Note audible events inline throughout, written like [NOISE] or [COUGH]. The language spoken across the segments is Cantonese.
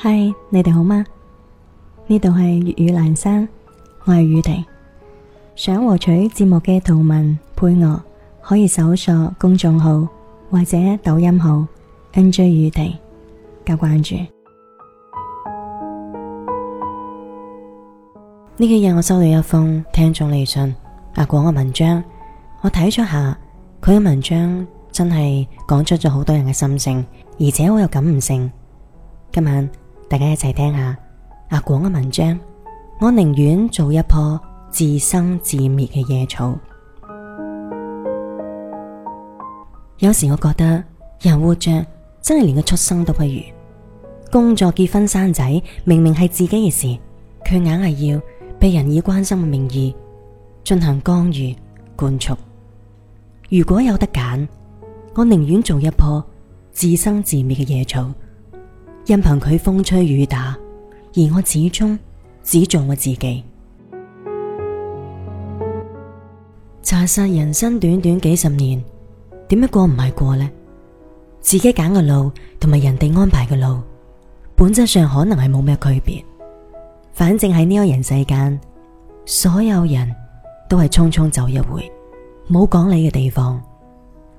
嗨，Hi, 你哋好嗎？呢度係粵語蘭山，我係宇婷。想獲取節目嘅圖文配樂，可以搜索公眾號或者抖音號 NJ 宇婷加關注。呢幾日我收到一封聽眾嚟信，阿、啊、廣嘅文章我睇咗下，佢嘅文章真係講出咗好多人嘅心聲，而且我又感悟。今晚。大家一齊聽下阿廣嘅文章。我寧願做一棵自生自滅嘅野草。有時我覺得人活着真係連個畜生都不如。工作、結婚、生仔，明明係自己嘅事，卻硬係要被人以關心嘅名義進行干預管束。如果有得揀，我寧願做一棵自生自滅嘅野草。任憑佢風吹雨打，而我始終只做我自己。查實人生短短幾十年，點樣過唔係過呢？自己揀嘅路同埋人哋安排嘅路，本質上可能係冇咩區別。反正喺呢個人世間，所有人都係匆匆走一回，冇講理嘅地方。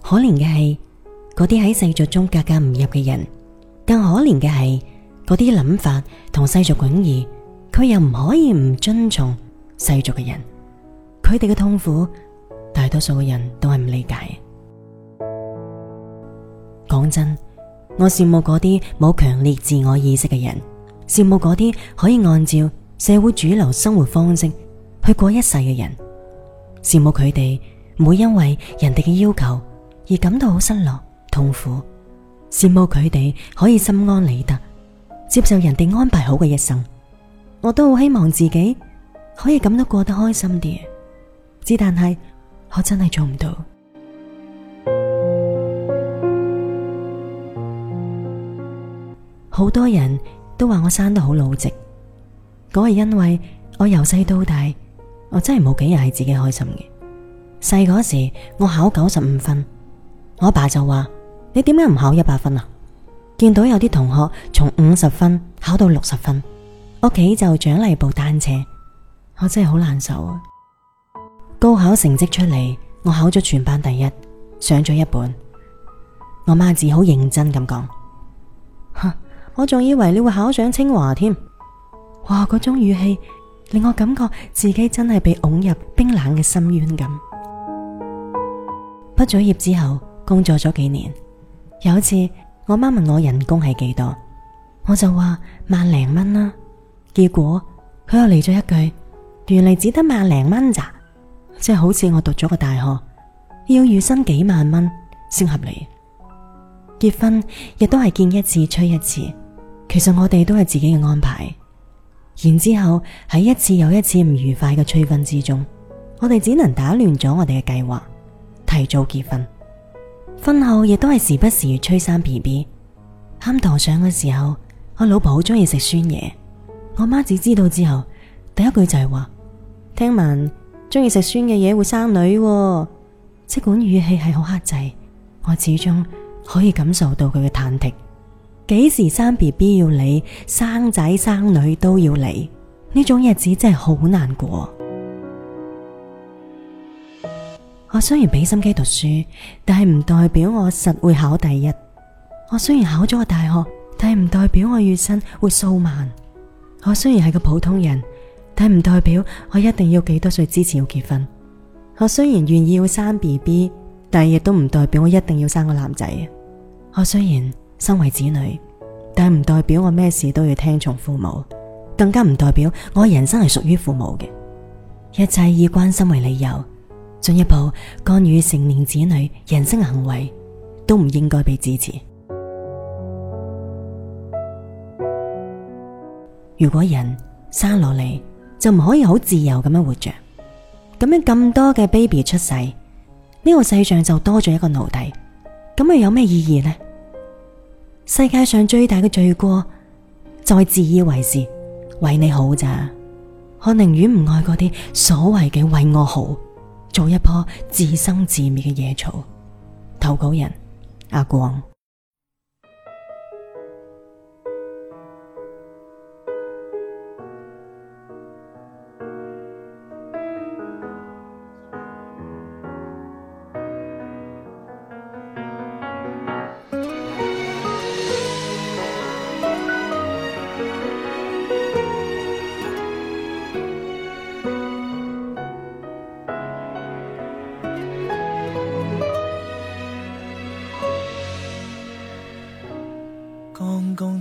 可憐嘅係，嗰啲喺世俗中格格唔入嘅人。更可憐嘅係嗰啲諗法同世俗迥異，佢又唔可以唔遵從世俗嘅人，佢哋嘅痛苦，大多數嘅人都係唔理解嘅。講真，我羨慕嗰啲冇強烈自我意識嘅人，羨慕嗰啲可以按照社會主流生活方式去過一世嘅人，羨慕佢哋唔會因為人哋嘅要求而感到好失落痛苦。羨慕佢哋可以心安理得，接受人哋安排好嘅一生，我都好希望自己可以咁都過得開心啲。只但係，我真係做唔到。好 [MUSIC] 多人都話我生得好老直，嗰係因為我由細到大，我真係冇幾日係自己開心嘅。細嗰時我考九十五分，我爸就話。你點解唔考一百分啊？見到有啲同學從五十分考到六十分，屋企就獎勵部單車，我真係好難受啊！高考成績出嚟，我考咗全班第一，上咗一本，我媽子好認真咁講，我仲以為你會考上清華添，哇！嗰種語氣令我感覺自己真係被推入冰冷嘅深淵咁。畢咗業之後，工作咗幾年。有一次，我媽問我人工係幾多，我就話萬零蚊啦。結果佢又嚟咗一句：原來只得萬零蚊咋？即係好似我讀咗個大學，要月薪幾萬蚊先合理。結婚亦都係見一次，催一次。其實我哋都係自己嘅安排。然之後喺一次又一次唔愉快嘅催婚之中，我哋只能打亂咗我哋嘅計劃，提早結婚。婚後亦都係時不時催生 B B，啱懷上嘅時候，我老婆好中意食酸嘢。我媽子知道之後，第一句就係話：聽聞中意食酸嘅嘢會生女喎。即管語氣係好克制，我始終可以感受到佢嘅忐忑。幾時生 B B 要理，生仔生女都要理。呢種日子真係好難過。我雖然俾心機讀書，但係唔代表我實會考第一。我雖然考咗個大學，但係唔代表我月薪會數萬。我雖然係個普通人，但係唔代表我一定要幾多歲之前要結婚。我雖然願意要生 BB，但係亦都唔代表我一定要生個男仔。我雖然身為子女，但係唔代表我咩事都要聽從父母，更加唔代表我人生係屬於父母嘅。一切以關心為理由。進一步干預成年子女人生行為，都唔應該被支持。如果人生落嚟就唔可以好自由咁樣活着，咁樣咁多嘅 baby 出世，呢個世上就多咗一個奴隸，咁又有咩意義呢？世界上最大嘅罪過就係自以為是，為你好咋？我寧願唔愛嗰啲所謂嘅為我好，做一棵自生自滅嘅野草，投稿人阿光。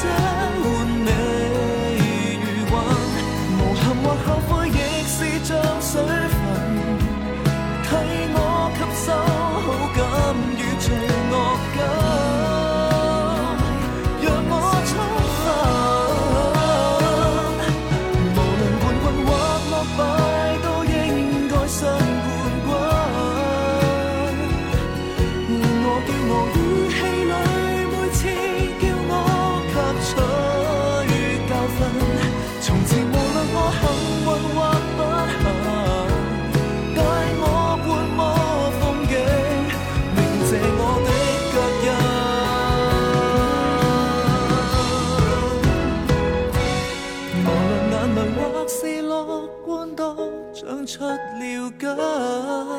怎麼？